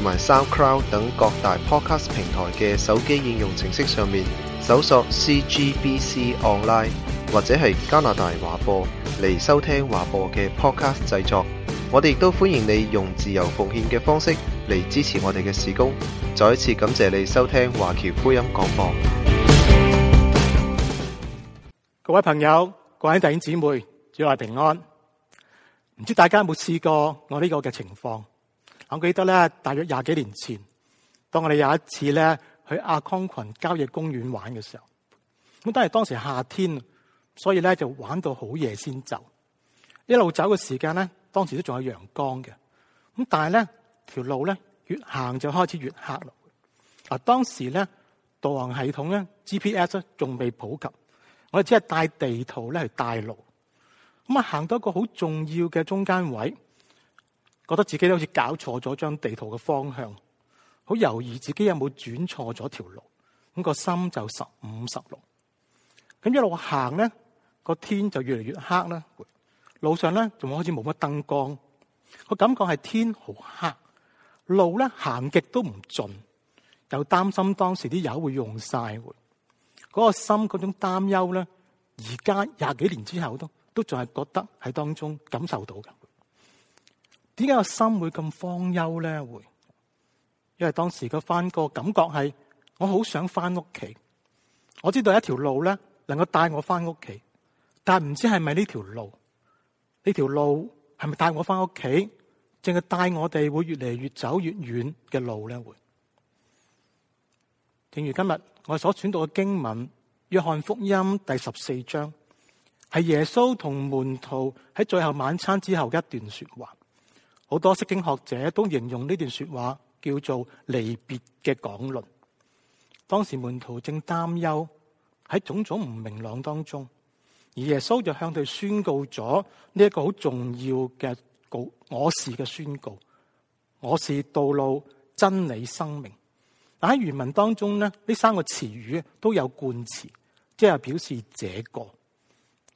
同埋 SoundCloud 等各大 Podcast 平台嘅手機應用程式上面搜索 CGBC Online 或者係加拿大華播嚟收聽華播嘅 Podcast 製作，我哋亦都歡迎你用自由奉獻嘅方式嚟支持我哋嘅事工。再一次感謝你收聽華僑福音廣播。各位朋友，各位弟兄姊妹，主內平安。唔知道大家有冇試過我呢個嘅情況？我記得咧，大約廿幾年前，當我哋有一次咧去阿康群郊野公園玩嘅時候，咁但係當時夏天，所以咧就玩到好夜先走。一路走嘅時間咧，當時都仲有陽光嘅，咁但係咧條路咧越行就開始越黑落。嗱，當時咧導航系統咧 GPS 咧仲未普及，我哋只係帶地圖咧去帶路。咁啊行到一個好重要嘅中間位。覺得自己都好似搞錯咗張地圖嘅方向，好猶豫自己有冇轉錯咗條路，咁、嗰個心就十五十六。咁一路行咧，個天就越嚟越黑啦。路上咧仲開始冇乜燈光，嗰個感覺係天好黑，路咧行極都唔盡，又擔心當時啲油會用晒。嗰、嗰個心嗰種擔憂咧，而家廿幾年之後都都仲係覺得喺當中感受到嘅。點解我心會咁荒丘呢？會，因為當時個翻個感覺係，我好想翻屋企。我知道一條路咧，能夠帶我翻屋企，但唔知係咪呢條路？呢條路係咪帶我翻屋企？淨係帶我哋會越嚟越走越遠嘅路咧？會。正如今日我所選讀嘅經文《約翰福音》第十四章，係耶穌同門徒喺最後晚餐之後嘅一段說話。好多釋經學者都形容呢段說話叫做離別嘅講論。當時門徒正擔憂喺種種唔明朗當中，而耶穌就向佢宣告咗呢一個好重要嘅告我是嘅宣告。我是道路、真理、生命。但喺原文當中呢，呢三個詞語都有冠詞，即係表示這個。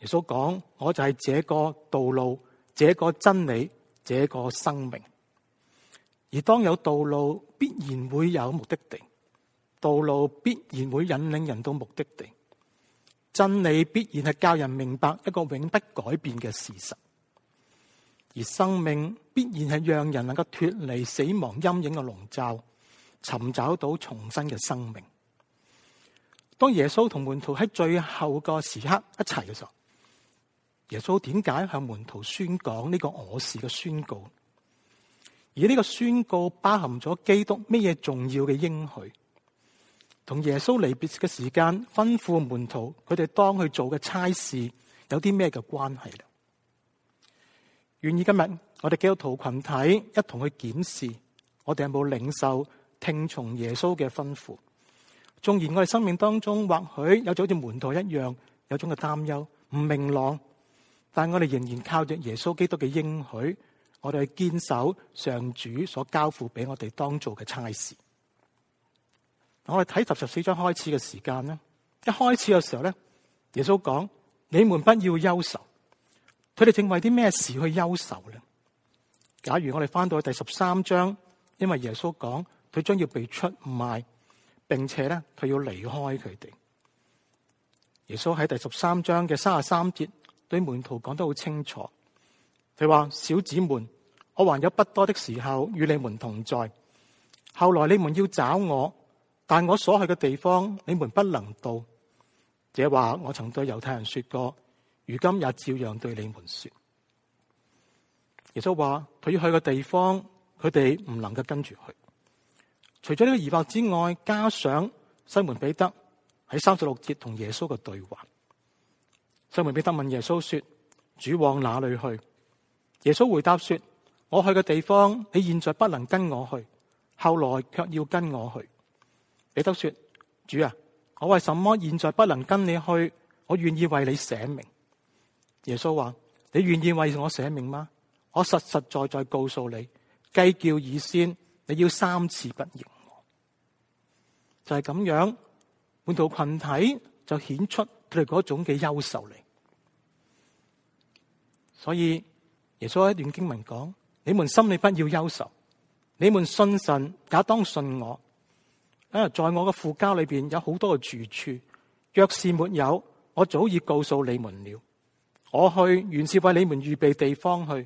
耶穌講我就係這個道路，這個真理，這個生命，而當有道路，必然會有目的地；道路必然會引領人到目的地。真理必然係教人明白一個永不改變嘅事實，而生命必然係讓人能夠脱離死亡陰影嘅籠罩，尋找到重生嘅生命。當耶穌同門徒喺最後個時刻一齊嘅時候。耶穌點解向門徒宣講呢個我是嘅宣告？而呢個宣告包含咗基督咩嘢重要嘅應許？同耶穌離別嘅時間吩咐門徒佢哋當去做嘅差事有啲咩嘅關係？願意今日我哋基督徒群體一同去檢視我哋有冇領受聽從耶穌嘅吩咐？縱然我哋生命當中或許有咗好似門徒一樣有種嘅擔憂唔明朗。但我哋仍然靠着耶穌基督嘅應許，我哋去堅守上主所交付俾我哋當做嘅差事。我哋睇十十四章開始嘅時間咧，一開始嘅時候咧，耶穌講：你們不要憂愁。佢哋正為啲咩事去憂愁咧？假如我哋翻到去第十三章，因為耶穌講佢將要被出賣，並且咧佢要離開佢哋。耶穌喺第十三章嘅三十三節。對門徒講得好清楚，佢話：小子們，我還有不多的時候與你們同在。後來你們要找我，但我所去嘅地方你們不能到。這話我曾對猶太人說過，如今也照樣對你們說。耶穌話：佢要去嘅地方，佢哋唔能夠跟住去。除咗呢個疑惑之外，加上西門彼得喺三十六節同耶穌嘅對話。西門彼得問耶穌說：主往哪裏去？耶穌回答說：我去嘅地方，你現在不能跟我去，後來卻要跟我去。彼得說：主啊，我為什麼現在不能跟你去？我願意為你捨命。耶穌話：你願意為我捨命嗎？我實實在在告訴你，雞叫以先，你要三次不認我。就係、是、咁樣，信徒群體就顯出佢哋嗰種嘅優秀嚟。所以，耶穌一段經文講：你們心裏不要憂愁，你們信神也當信我。因為在我的附交裏邊有好多的住處，若是沒有，我早已告訴你們了。我去，原是為你們預備地方去。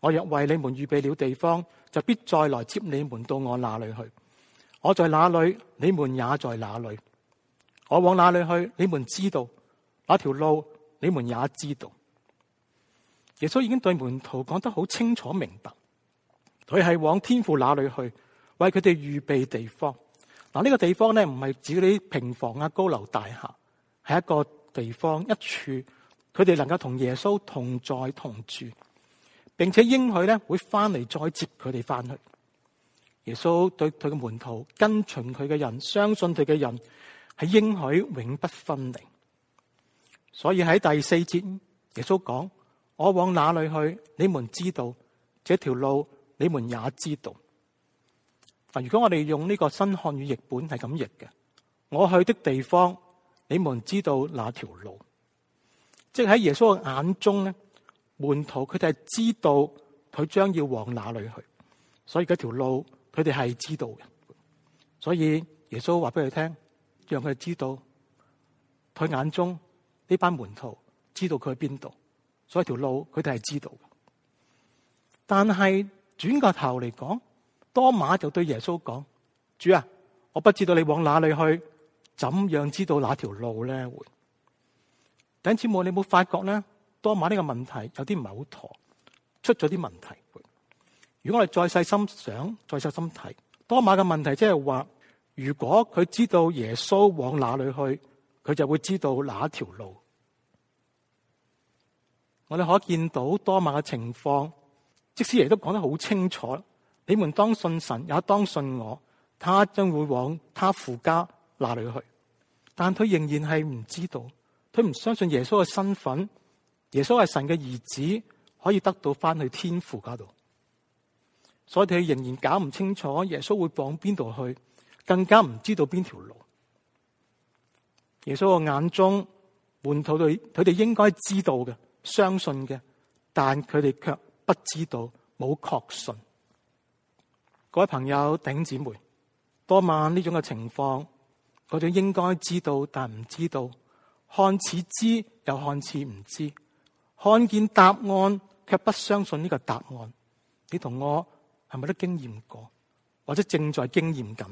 我若為你們預備了地方，就必再來接你們到我那裏去。我在哪裏，你們也在哪裏。我往哪裏去，你們知道。那條路，你們也知道。耶穌已經對門徒講得好清楚明白，佢係往天父那裏去，為佢哋預備地方。嗱，呢個地方咧唔係指你啲平房啊、高樓大廈，係一個地方一處，佢哋能夠同耶穌同在同住，並且應許咧會翻嚟再接佢哋翻去。耶穌對佢嘅門徒跟從佢嘅人，相信佢嘅人，係應許永不分離。所以喺第四節，耶穌講。我往哪裏去？你們知道，這條路，你們也知道。嗱，如果我哋用呢個新漢語譯本係咁譯嘅，我去的地方，你們知道哪條路？即係喺耶穌嘅眼中咧，門徒佢哋係知道佢將要往哪裏去，所以嗰條路佢哋係知道嘅。所以耶穌話俾佢聽，讓佢哋知道，佢眼中呢班門徒知道佢喺邊度。所以條路佢哋係知道，但係轉個頭嚟講，多馬就對耶穌講：主啊，我不知道你往哪裡去，怎樣知道哪條路咧？弟兄姊妹，你有冇發覺咧？多馬呢個問題有啲唔係好妥，出咗啲問題。如果我哋再細心想，再細心睇，多馬嘅問題即係話：如果佢知道耶穌往哪裡去，佢就會知道哪條路。我哋可以見到多馬嘅情況，即使爺都講得好清楚，你們當信神，也當信我。他將會往他父家那裡去。但佢仍然係唔知道，佢唔相信耶穌嘅身份。耶穌係神嘅兒子，可以得到返去天父家度。所以佢仍然搞唔清楚耶穌會往邊度去，更加唔知道邊條路。耶穌嘅眼中，門徒佢佢哋應該知道嘅。相信嘅，但佢哋卻不知道，冇確信。各位朋友、弟兄姊妹，多晚呢種嘅情況，我哋應該知道，但唔知道，看似知又看似唔知道，看見答案卻不相信呢個答案。你同我係咪都經驗過，或者正在經驗緊？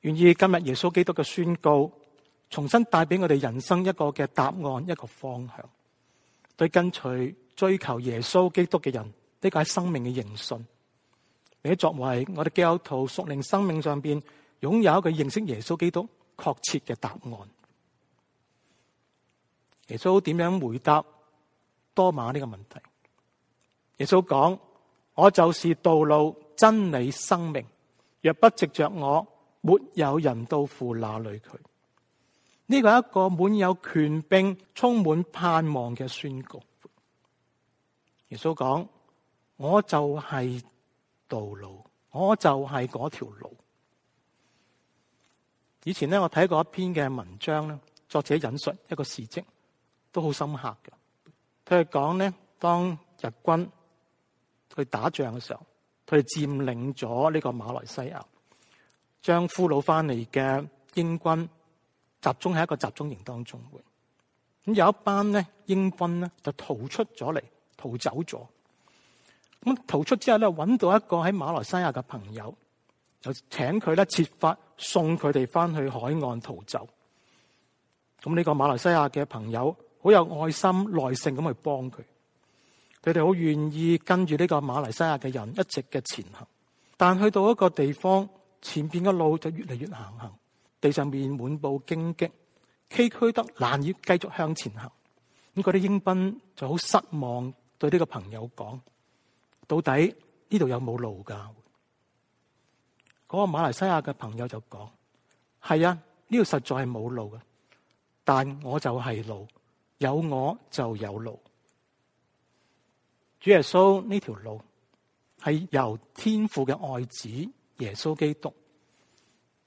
願意今日耶穌基督嘅宣告，重新帶俾我哋人生一個嘅答案，一個方向。對跟隨追求耶穌基督嘅人，呢、這個係生命嘅認信，你作為我哋基督徒屬靈生命上邊擁有一個認識耶穌基督確切嘅答案。耶穌點樣回答多馬呢個問題？耶穌講：我就是道路、真理、生命，若不藉着我，沒有人到父那裏去。呢個係一個滿有權柄、充滿盼望嘅宣告。耶穌講：我就係道路，我就係嗰條路。以前咧，我睇過一篇嘅文章咧，作者引述一個事蹟，都好深刻嘅。佢係講咧，當日軍去打仗嘅時候，佢哋佔領咗呢個馬來西亞，將俘虜翻嚟嘅英軍。集中喺一個集中營當中會，咁有一班咧英軍咧就逃出咗嚟，逃走咗。咁逃出之後咧，搵到一個喺馬來西亞嘅朋友，就請佢咧設法送佢哋翻去海岸逃走。咁呢個馬來西亞嘅朋友好有愛心、耐性咁去幫佢，佢哋好願意跟住呢個馬來西亞嘅人一直嘅前行。但去到一個地方，前邊嘅路就越嚟越難行，行。地上面滿布荊棘，崎嶇得難以繼續向前行。咁嗰啲英兵就好失望，對呢個朋友講：到底呢度有冇路㗎？嗰個馬來西亞嘅朋友就講：係啊，呢度實在係冇路嘅，但我就係路，有我就有路。主耶穌呢條路係由天父嘅愛子耶穌基督。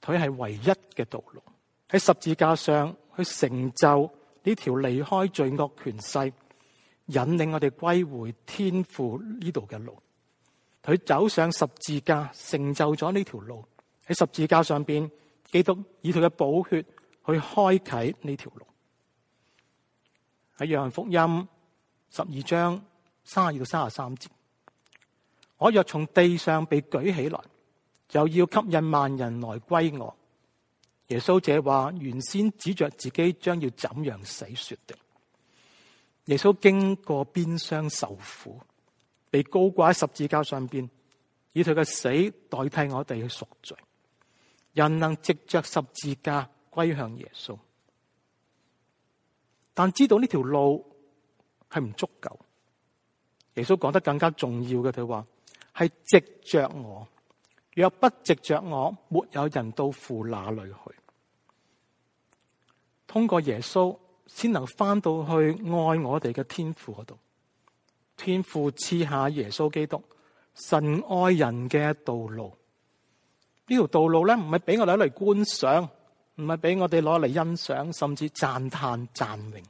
佢係唯一嘅道路，喺十字架上去成就呢條離開罪惡權勢、引領我哋歸回天父呢度嘅路。佢走上十字架，成就咗呢條路。喺十字架上邊，基督以佢嘅寶血去開啟呢條路。喺約翰福音十二章三十二到三十三節，我若從地上被舉起來。又要吸引萬人來歸我。耶穌這話原先指着自己將要怎樣死說的。耶穌經過鞭傷受苦，被高掛喺十字架上邊，以佢嘅死代替我哋去贖罪。人能藉著十字架歸向耶穌，但知道呢條路係唔足夠。耶穌講得更加重要嘅，佢話係藉著我。若不藉着我，沒有人能到父那裏去。通過耶穌，先能返到去愛我哋嘅天父嗰度。天父賜下耶穌基督，神愛人嘅道路。呢條道路咧，唔係俾我哋攞嚟觀賞，唔係俾我哋攞嚟欣賞，甚至讚嘆、讚榮。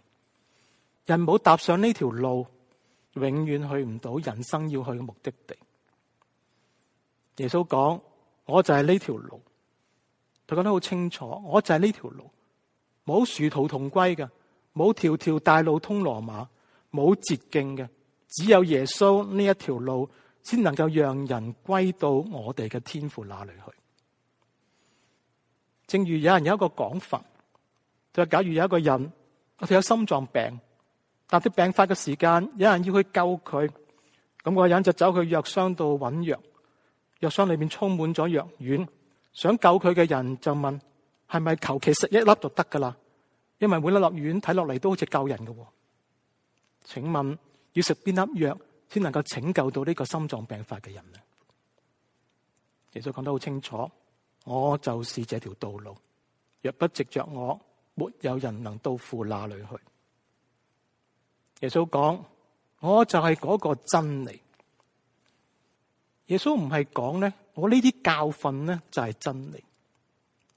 人冇踏上呢條路，永遠去唔到人生要去嘅目的地。耶穌講：我就係呢條路。佢講得好清楚，我就係呢條路，冇殊途同歸嘅，冇條條大路通羅馬，冇捷徑嘅，只有耶穌呢一條路，先能夠讓人歸到我哋嘅天父那裡去。正如有人有一個講法，就係假如有一個人，佢有心臟病，但啲病發嘅時間，有人要去救佢，咁、嗰個人就走去藥箱度揾藥。藥箱裏面充滿咗藥丸，想救佢嘅人就問：係咪求其食一粒就得噶啦？因為每一粒粒丸睇落嚟都好似救人噶。請問要食邊粒藥先能夠拯救到呢個心臟病發嘅人呢？耶穌講得好清楚：我就是這條道路，若不藉着我，沒有人能到父那裏去。耶穌講：我就係嗰個真理。耶穌唔係講咧，我呢啲教訓咧就係真理。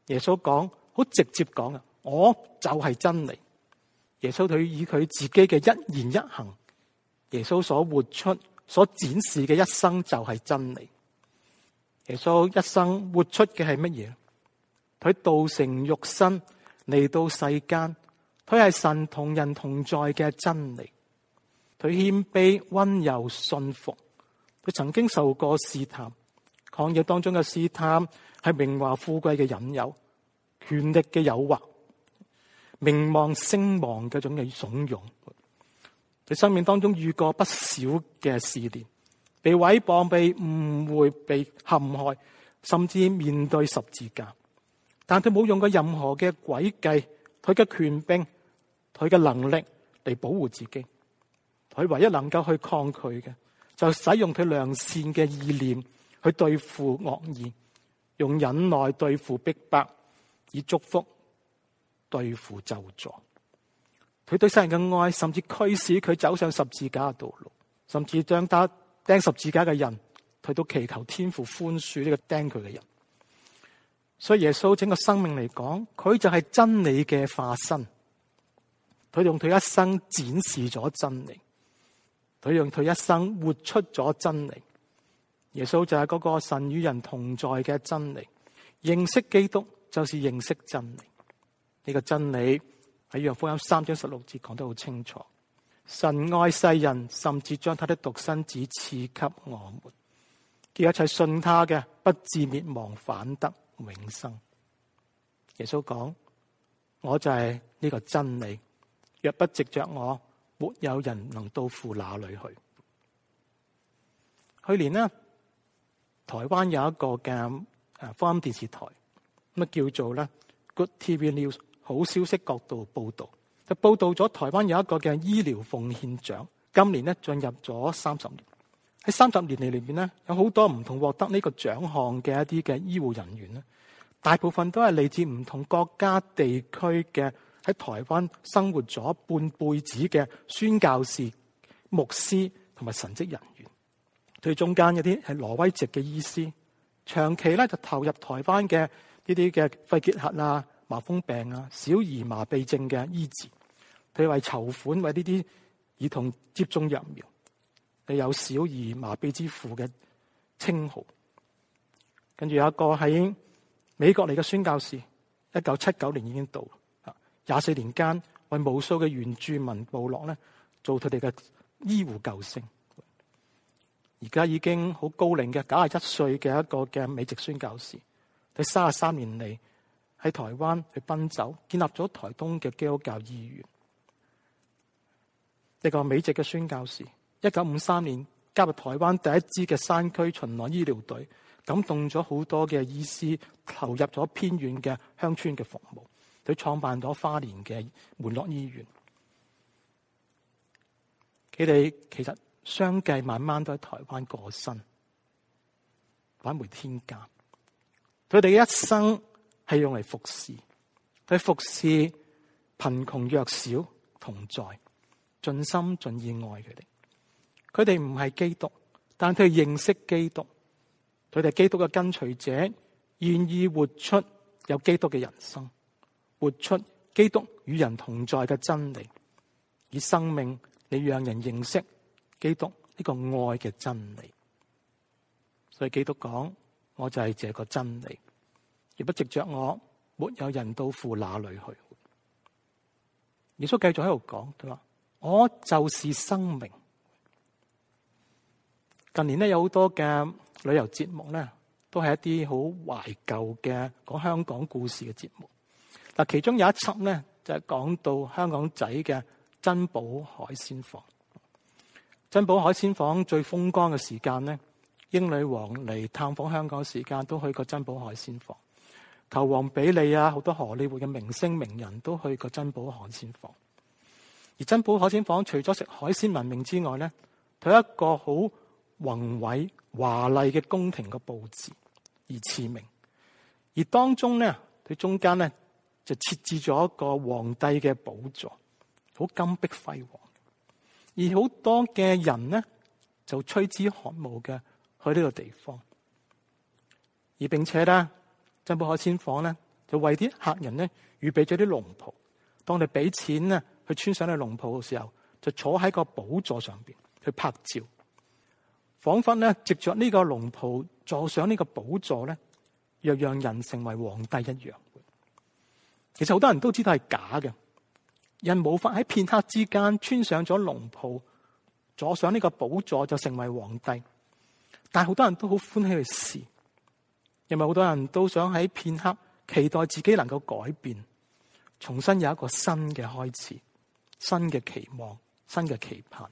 耶穌講好直接講啊，我就係真理。耶穌佢以佢自己嘅一言一行，耶穌所活出、所展示嘅一生就係真理。耶穌一生活出嘅係乜嘢？佢道成肉身嚟到世間，佢係神同人同在嘅真理。佢謙卑、溫柔、信服。佢曾經受過試探，曠野當中嘅試探係名華富貴嘅引誘，權力嘅誘惑，名望聲望嗰種嘅慫恿。佢生命當中遇過不少嘅試煉，被毀謗、被誤會、被陷害，甚至面對十字架。但佢冇用過任何嘅詭計，佢嘅權柄，佢嘅能力嚟保護自己。佢唯一能夠去抗拒嘅。就使用佢良善嘅意念去對付惡意，用忍耐對付逼迫，以祝福對付咒詛。佢對世人嘅愛，甚至驅使佢走上十字架嘅道路，甚至將打釘十字架嘅人去到祈求天父寬恕呢個釘佢嘅人。所以耶穌整個生命嚟講，佢就係真理嘅化身。佢用佢一生展示咗真理。佢用佢一生活出咗真理，耶穌就係嗰個神與人同在嘅真理。認識基督就是認識真理。呢個真理喺《約翰福音》三章十六節講得好清楚：神愛世人，甚至將他的獨生子賜給我們。叫一切信他嘅不至滅亡，反得永生。耶穌講：我就係呢個真理。若不藉着我，沒有人能到父那裏去。去年咧，台灣有一個嘅誒，福音電視台咁啊，叫做咧 Good TV News，好消息角度報道，就報道咗台灣有一個嘅醫療奉獻獎，今年咧進入咗三十年。喺三十年嚟裏邊咧，有好多唔同獲得呢個獎項嘅一啲嘅醫護人員咧，大部分都係嚟自唔同國家地區嘅。喺台灣生活咗半輩子嘅宣教士、牧師同埋神職人員，佢中間有啲係挪威籍嘅醫師，長期咧就投入台灣嘅呢啲嘅肺結核啊、麻風病啊、小兒麻痹症嘅醫治，佢為籌款為呢啲兒童接種疫苗，佢有小兒麻痹之父嘅稱號。跟住有一個喺美國嚟嘅宣教士，一九七九年已經到了。廿四年間，為無數嘅原住民部落咧做佢哋嘅醫護救星，而家已經好高齡嘅九十一歲嘅一個嘅美籍宣教士，喺卅三年嚟，喺台灣去奔走，建立咗台東嘅基督教醫院。一個美籍嘅宣教士，一九五三年加入台灣第一支嘅山區巡邏醫療隊，感動咗好多嘅醫師，投入咗偏遠嘅鄉村嘅服務。佢創辦咗花蓮嘅門諾醫院，佢哋其實相繼慢慢都喺台灣過身，返回天家。佢哋嘅一生係用嚟服侍，佢服侍貧窮弱小同在，盡心盡意愛佢哋。佢哋唔係基督，但佢認識基督，佢哋係基督嘅跟隨者，願意活出有基督嘅人生。活出基督與人同在嘅真理。以生命嚟讓人認識基督這個愛嘅真理。所以基督講，我就是這個真理。若不藉著我，沒有人到父那裡去。耶穌繼續喺度講，佢話我就是生命。近年呢，有好多嘅旅遊節目呢，都係一啲好懷舊嘅，講香港故事嘅節目。嗱，其中有一輯咧，就係、是、講到香港仔嘅珍寶海鮮房。珍寶海鮮房最風光嘅時間咧，英女王嚟探訪香港時間都去過珍寶海鮮房。球王比利啊，好多荷里活嘅明星名人都去過珍寶海鮮房。而珍寶海鮮房除咗食海鮮聞名之外咧，佢一個好宏偉華麗嘅宮廷嘅佈置而馳名。而當中咧，佢中間咧，就設置咗一個皇帝嘅寶座，好金碧輝煌。而好多嘅人呢，就趨之若鶩嘅去呢個地方。而並且咧，珍寶海鮮舫咧，就為啲客人呢預備咗啲龍袍。當你俾錢呢，去穿上呢龍袍嘅時候，就坐喺個寶座上邊去拍照，仿佛呢，藉着呢個龍袍坐上個寶呢個寶座咧，又讓人成為皇帝一樣。其實好多人都知道係假嘅，人無法喺片刻之間穿上咗龍袍，坐上呢個寶座就成為皇帝。但係好多人都好歡喜去試，因為好多人都想喺片刻期待自己能夠改變，重新有一個新嘅開始、新嘅期望、新嘅期盼。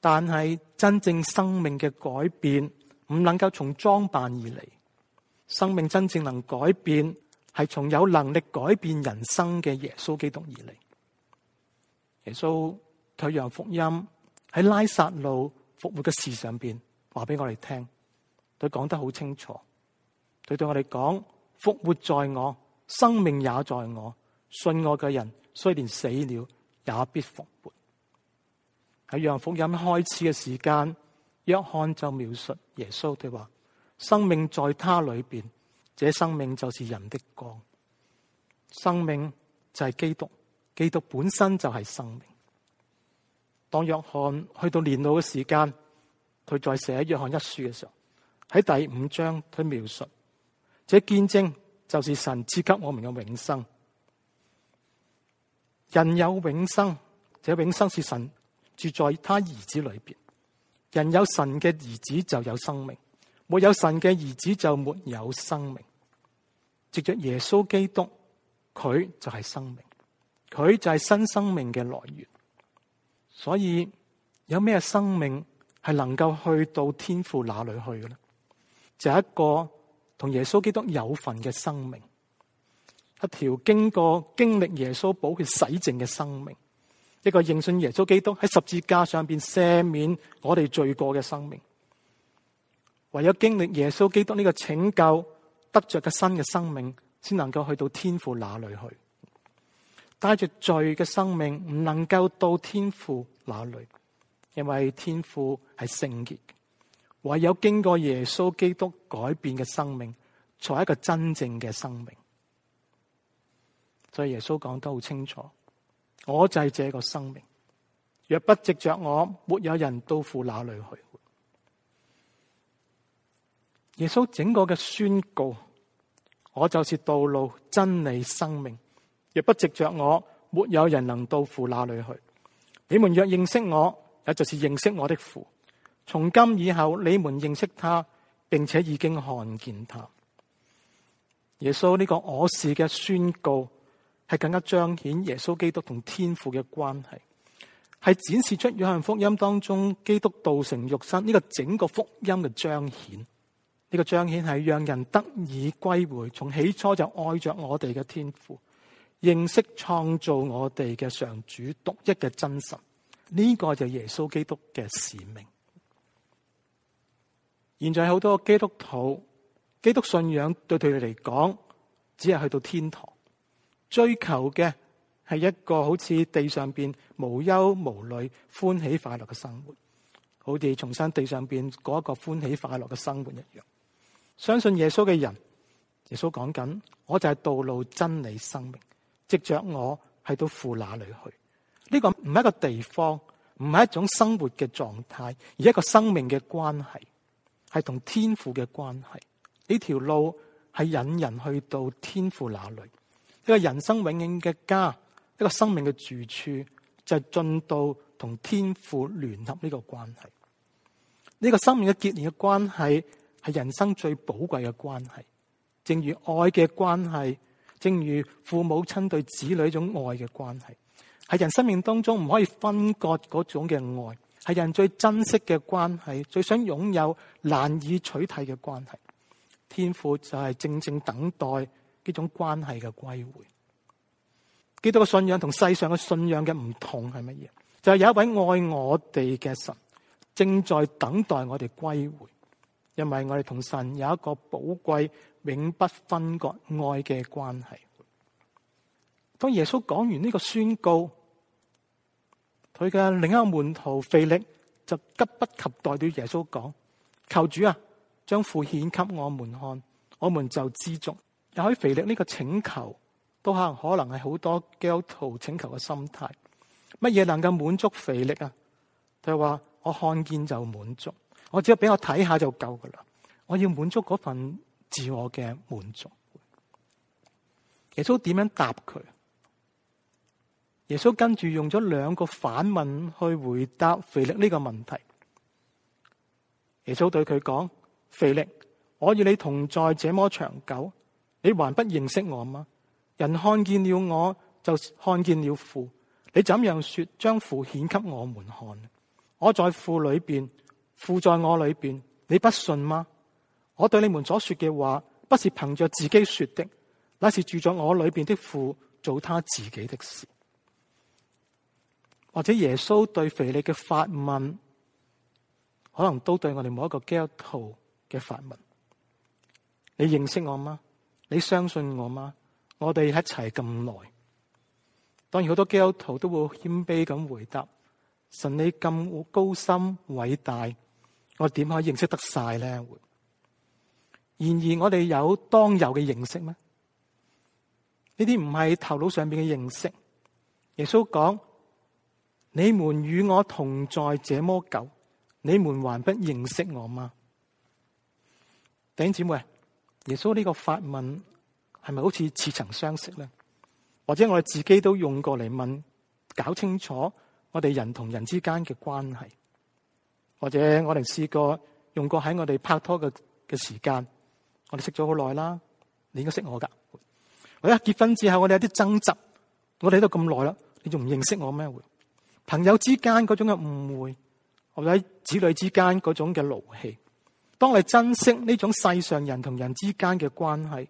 但係真正生命嘅改變唔能夠從裝扮而嚟，生命真正能改變。係從有能力改變人生嘅耶穌基督而嚟。耶穌佢約翰福音喺拉撒路復活嘅事上邊話俾我哋聽，佢講得好清楚。佢對我哋講：復活在我，生命也在我，信我嘅人，雖然死了也必復活。喺約翰福音開始嘅時間，約翰就描述耶穌佢話：生命在他裏邊。這生命就是人的光，生命就係基督，基督本身就係生命。當約翰去到年老嘅時間，佢再寫《約翰一書》嘅時候，喺第五章佢描述，這見證就是神賜給我們嘅永生。人有永生，這永生是神住在他兒子裏邊。人有神嘅兒子，就有生命。沒有神嘅兒子就沒有生命。藉着耶穌基督，佢就係生命，佢就係新生命嘅來源。所以有咩生命係能夠去到天父那裡去嘅咧？就是，一個同耶穌基督有份嘅生命，一條經過經歷耶穌寶血洗淨嘅生命，一個認信耶穌基督喺十字架上邊赦免我哋罪過嘅生命。唯有經歷耶穌基督呢個拯救，得着嘅新嘅生命，先能夠去到天父那裡去。帶住罪嘅生命唔能夠到天父那裡，因為天父係聖潔。唯有經過耶穌基督改變嘅生命，才係一個真正嘅生命。所以耶穌講得好清楚，我就係這個生命。若不藉着我，沒有人到父那裡去。耶穌整個嘅宣告：我就是道路、真理、生命。若不藉着我，沒有人能到父那裏去。你們若認識我，也就是認識我的父。從今以後，你們認識他，並且已經看見他。耶穌呢、這個我是嘅宣告，係更加彰顯耶穌基督同天父嘅關係，係展示出約翰福音當中基督道成肉身呢、這個整個福音嘅彰顯。呢、這個彰顯係讓人得以歸回，從起初就愛着我哋嘅天父，認識創造我哋嘅上主獨一嘅真神，呢、這個就係耶穌基督嘅使命。現在好多基督徒，基督信仰對佢哋嚟講，只係去到天堂，追求嘅係一個好似地上邊無憂無慮、歡喜快樂嘅生活，好似重新地上邊嗰一個歡喜快樂嘅生活一樣。相信耶穌嘅人，耶穌講緊，我就係道路、真理、生命。藉着我係到父那裡去。呢、這個唔係一個地方，唔係一種生活嘅狀態，而一個生命嘅關係，係同天父嘅關係。呢條路係引人去到天父那裡，一個人生永遠嘅家，一個生命嘅住處，就係、是、進到同天父聯合呢個關係，呢、這個生命嘅結連嘅關係。係人生最寶貴嘅關係，正如愛嘅關係，正如父母親對子女種愛嘅關係，係人生命當中唔可以分割嗰種嘅愛，係人最珍惜嘅關係，最想擁有、難以取代嘅關係。天父就係正正等待呢種關係嘅歸回。基督嘅信仰同世上嘅信仰嘅唔同係乜嘢？就係有一位愛我哋嘅神，正在等待我哋歸回。因為我哋同神有一個寶貴、永不分割愛嘅關係。當耶穌講完呢個宣告，佢嘅另一個門徒腓力就急不及待對耶穌講：求主啊，將父顯給我們看，我們就知足。又可以腓力呢個請求，都可能可能係好多基督徒請求嘅心態。乜嘢能夠滿足腓力啊？佢話我看見就滿足。我只要俾我睇下就夠噶啦！我要滿足嗰份自我嘅滿足。耶穌點樣答佢？耶穌跟住用咗兩個反問去回答腓力呢個問題。耶穌對佢講：腓力，我與你同在這麼長久，你還不認識我嗎？人看見了我就看見了父，你怎樣說將父顯給我們看？我在父裡面。父在我裏邊，你不信嗎？我對你們所說嘅話，不是憑着自己說的，乃是住在我裏邊的父做他自己的事。或者耶穌對腓利嘅發問，可能都對我哋某一個基督徒嘅發問：你認識我嗎？你相信我嗎？我哋一齊咁耐。當然好多基督徒都會謙卑咁回答：神你咁高深偉大。我點可以認識得晒咧？然而我哋有當有嘅認識咩？呢啲唔係頭腦上邊嘅認識。耶穌講：你們與我同在這麼久，你們還不認識我嗎？弟兄姊妹，耶穌呢個發問係咪好似似曾相識咧？或者我哋自己都用過嚟問，搞清楚我哋人同人之間嘅關係。或者我哋試過用過喺我哋拍拖嘅嘅時間，我哋識咗好耐啦，你應該識我噶。或者結婚之後我哋有啲爭執，我哋喺度咁耐啦，你仲唔認識我咩？朋友之間嗰種嘅誤會，或者子女之間嗰種嘅勞氣，當我哋珍惜呢種世上人同人之間嘅關係，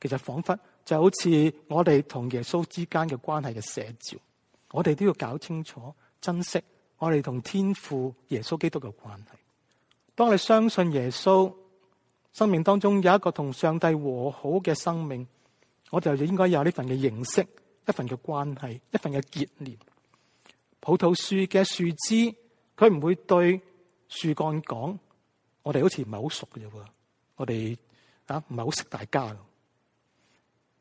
其實仿佛就好似我哋同耶穌之間嘅關係嘅寫照，我哋都要搞清楚珍惜。我哋同天父耶穌基督嘅關係，當你相信耶穌，生命當中有一個同上帝和好嘅生命，我就應該有呢份嘅認識，一份嘅關係，一份嘅結連。葡萄樹嘅樹枝，佢唔會對樹幹講：我哋好似唔係好熟嘅啫，我哋啊唔係好識大家。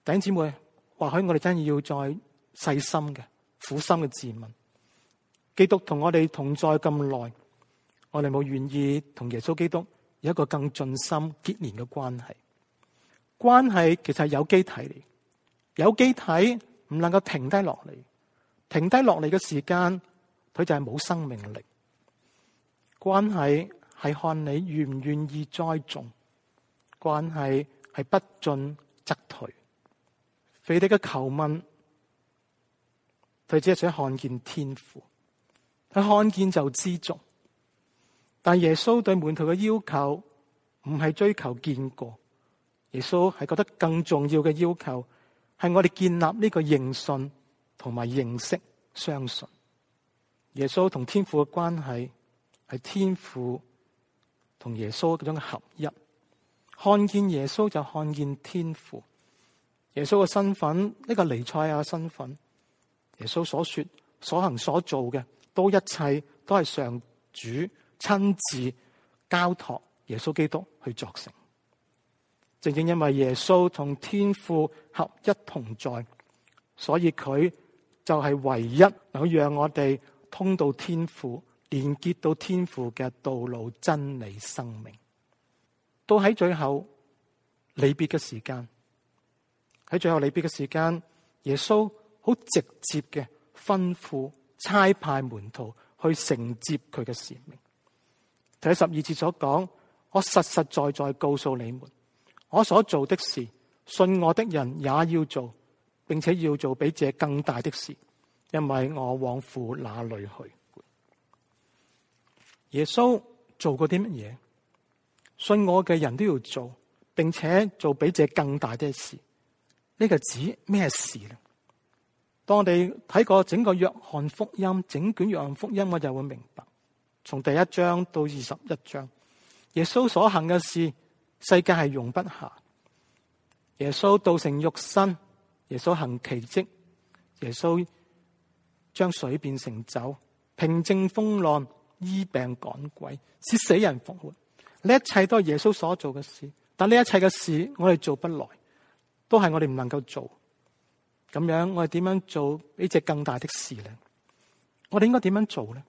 弟兄姊妹，或許我哋真係要再細心嘅、苦心嘅自問。基督同我哋同在咁耐，我哋冇願意同耶穌基督有一個更盡心結連嘅關係。關係其實係有機體嚟，有機體唔能夠停低落嚟，停低落嚟嘅時間佢就係冇生命力。關係係看你願唔願意栽種，關係係不進則退。腓力嘅求問，佢只係想看見天父。佢看見就知足，但耶穌對門徒嘅要求唔係追求見過，耶穌係覺得更重要嘅要求係我哋建立呢個認信同埋認識相信。耶穌同天父嘅關係係天父同耶穌咁嘅合一，看見耶穌就看見天父，耶穌嘅身份呢、這個尼賽亞身份，耶穌所說所行所做嘅。都一切都係上主親自交託耶穌基督去作成。正正因為耶穌同天父合一同在，所以佢就係唯一能讓我哋通到天父、連結到天父嘅道路、真理、生命。到喺最後，離別嘅時間，喺最後離別嘅時間，耶穌好直接嘅吩咐，差派門徒去承接佢嘅使命。第十二節所講，我實實在在告訴你們，我所做的事，信我的人也要做，並且要做比這更大的事，因為我往父那裏去。耶穌做過啲乜嘢？信我嘅人都要做，並且做比這更大的事。呢、這個指咩事呢？當我哋睇過整個約翰福音，整卷約翰福音，我就會明白，從第一章到二十一章，耶穌所行嘅事，世界是容不下。耶穌道成肉身，耶穌行奇蹟，耶穌將水變成酒，平靜風浪，醫病趕鬼，使死人復活。呢一切都是耶穌所做嘅事。但呢一切嘅事，我哋做不來，都是我哋唔能夠做。咁樣，我哋點樣做呢隻更大的事咧？我哋應該點樣做咧？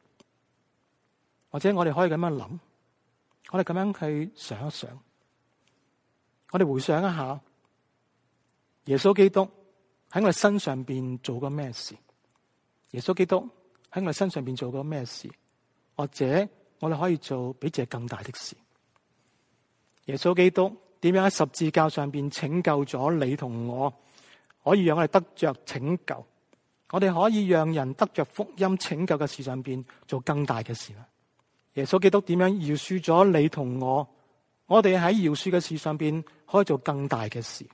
或者我哋可以咁樣諗，我哋咁樣去想一想，我哋回想一下耶穌基督喺我哋身上邊做過咩事？耶穌基督喺我哋身上邊做過咩事？或者我哋可以做比隻更大的事？耶穌基督點樣喺十字架上邊拯救咗你同我？可以讓我哋得着拯救，我哋可以讓人得着福音拯救嘅事上邊做更大嘅事啦。耶穌基督點樣饒恕咗你同我？我哋喺饒恕嘅事上邊可以做更大嘅事。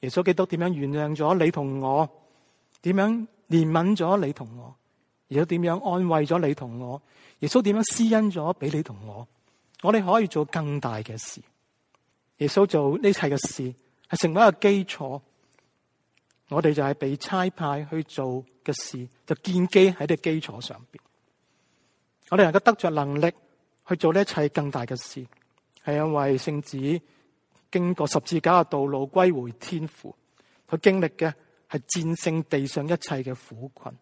耶穌基督點樣原諒咗你同我？點樣憐憫咗你同我？耶穌點樣安慰咗你同我？耶穌點樣施恩咗俾你同我？我哋可以做更大嘅事。耶穌做呢一切嘅事係成為一個基礎。我哋就係被差派去做嘅事，就建基喺呢基礎上邊。我哋能夠得着能力去做呢一切更大嘅事，係因為聖子經過十字架嘅道路歸回天父，佢經歷嘅係戰勝地上一切嘅苦困，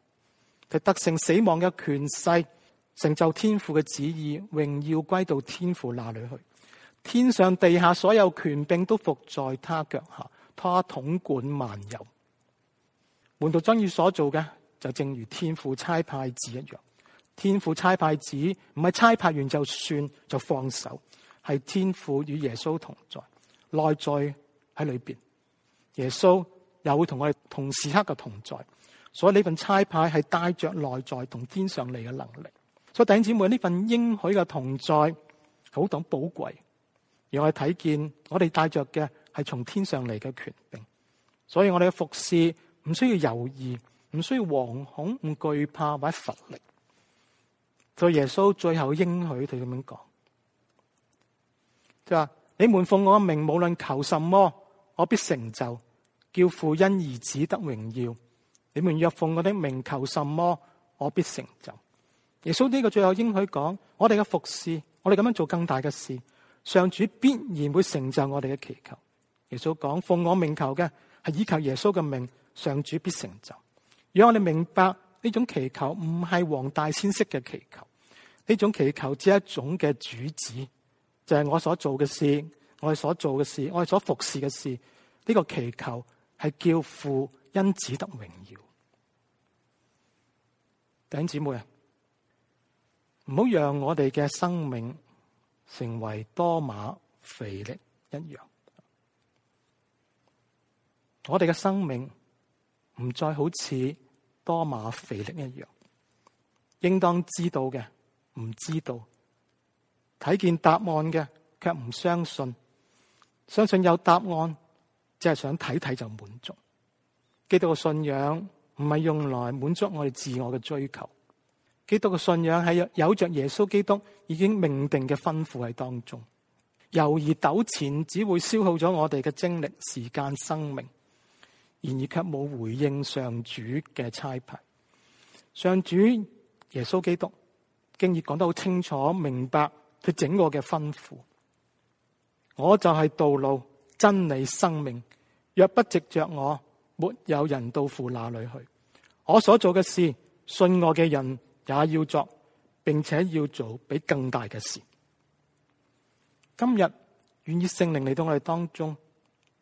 佢得勝死亡嘅權勢，成就天父嘅旨意，榮耀歸到天父那裡去。天上地下所有權柄都伏在他腳下，他統管萬有。門徒爭議所做嘅就正如天父差派子一樣，天父差派子唔係差派完就算就放手，係天父與耶穌同在，內在喺裏邊，耶穌又會同我哋同時刻嘅同在，所以呢份差派係帶着內在同天上嚟嘅能力。所以弟兄姊妹，呢份應許嘅同在好等寶貴，讓我哋睇見我哋帶着嘅係從天上嚟嘅權柄。所以我哋嘅服侍。唔需要猶豫，唔需要惶恐，唔懼怕或者乏力。就耶穌最後應許這，佢咁樣講，就話：你們奉我嘅名，無論求什麼，我必成就；叫父因兒子得榮耀。你們若奉我的名，求什麼，我必成就。耶穌呢個最後應許講，我哋嘅服侍，我哋咁樣做更大嘅事，上主必然會成就我哋嘅祈求。耶穌講：奉我名求嘅係以求耶穌嘅名。上主必成就。若我哋明白呢種祈求唔係黃大仙式嘅祈求，呢種祈求只係一種嘅主旨，就係、是、我所做嘅事，我哋所做嘅事，我哋所服侍嘅事，呢、這個祈求係叫父因子得榮耀。弟兄姊妹啊，唔好讓我哋嘅生命成為多馬腓力一樣，我哋嘅生命。唔再好似多馬腓力一樣，應當知道嘅唔知道，睇見答案嘅卻唔相信，相信有答案，只係想睇睇就滿足。基督嘅信仰唔係用來滿足我哋自我嘅追求，基督嘅信仰係有著耶穌基督已經命定嘅吩咐喺當中，猶而糾纏只會消耗咗我哋嘅精力、時間、生命，然而，卻冇回應上主嘅差派。上主耶穌基督經已講得好清楚明白佢整個嘅吩咐。我就係道路、真理、生命，若不藉著我，沒有人到父那裡去。我所做嘅事，信我嘅人也要作，並且要做比更大嘅事。今日願意聖靈嚟到我哋當中。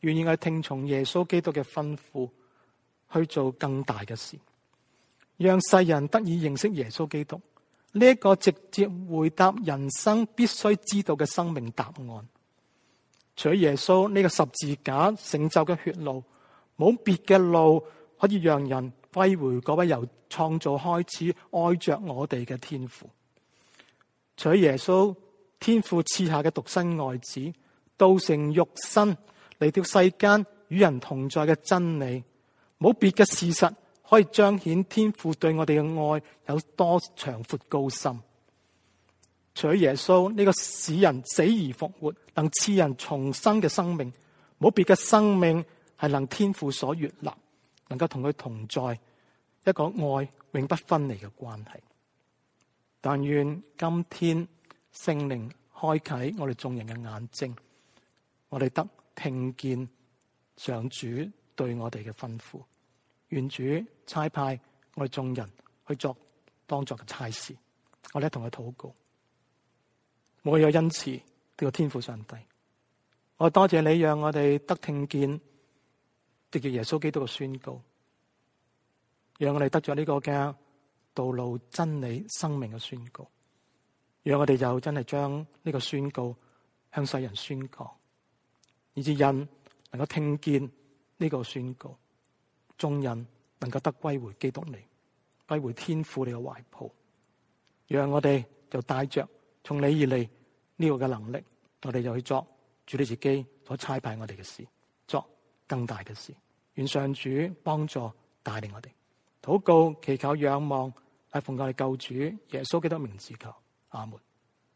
願意去聽從耶穌基督嘅吩咐，去做更大嘅事，讓世人得以認識耶穌基督。呢、這、一個直接回答人生必須知道嘅生命答案。除咗耶穌呢個十字架成就嘅血路，冇別嘅路可以讓人歸回嗰位由創造開始愛着我哋嘅天父。除咗耶穌，天父賜下嘅獨生愛子，道成肉身。嚟到世間與人同在嘅真理，冇別嘅事實可以彰顯天父對我哋嘅愛有多長闊高深。除咗耶穌呢個使人死而復活、能賜人重生嘅生命，冇別嘅生命係能天父所悅納，能夠同佢同在一個愛永不分離嘅關係。但願今天聖靈開啟我哋眾人嘅眼睛，我哋得。聽見上主對我哋嘅吩咐，願主差派我哋眾人去作當作嘅差事，我哋同佢禱告。我有個恩賜，叫、這個、天父上帝，我多謝你讓我哋得聽見，直接耶穌基督嘅宣告，讓我哋得咗呢個嘅道路真理生命嘅宣告，讓我哋就真係將呢個宣告向世人宣告。以致人能夠聽見呢個宣告，眾人能夠得歸回基督你，歸回天父你嘅懷抱，讓我哋就帶着從你而嚟呢個嘅能力，我哋就去作主你自己所差派我哋嘅事，作更大嘅事。願上主幫助帶領我哋，禱告祈求仰望阿奉教我哋救主耶穌基督名字求，阿門。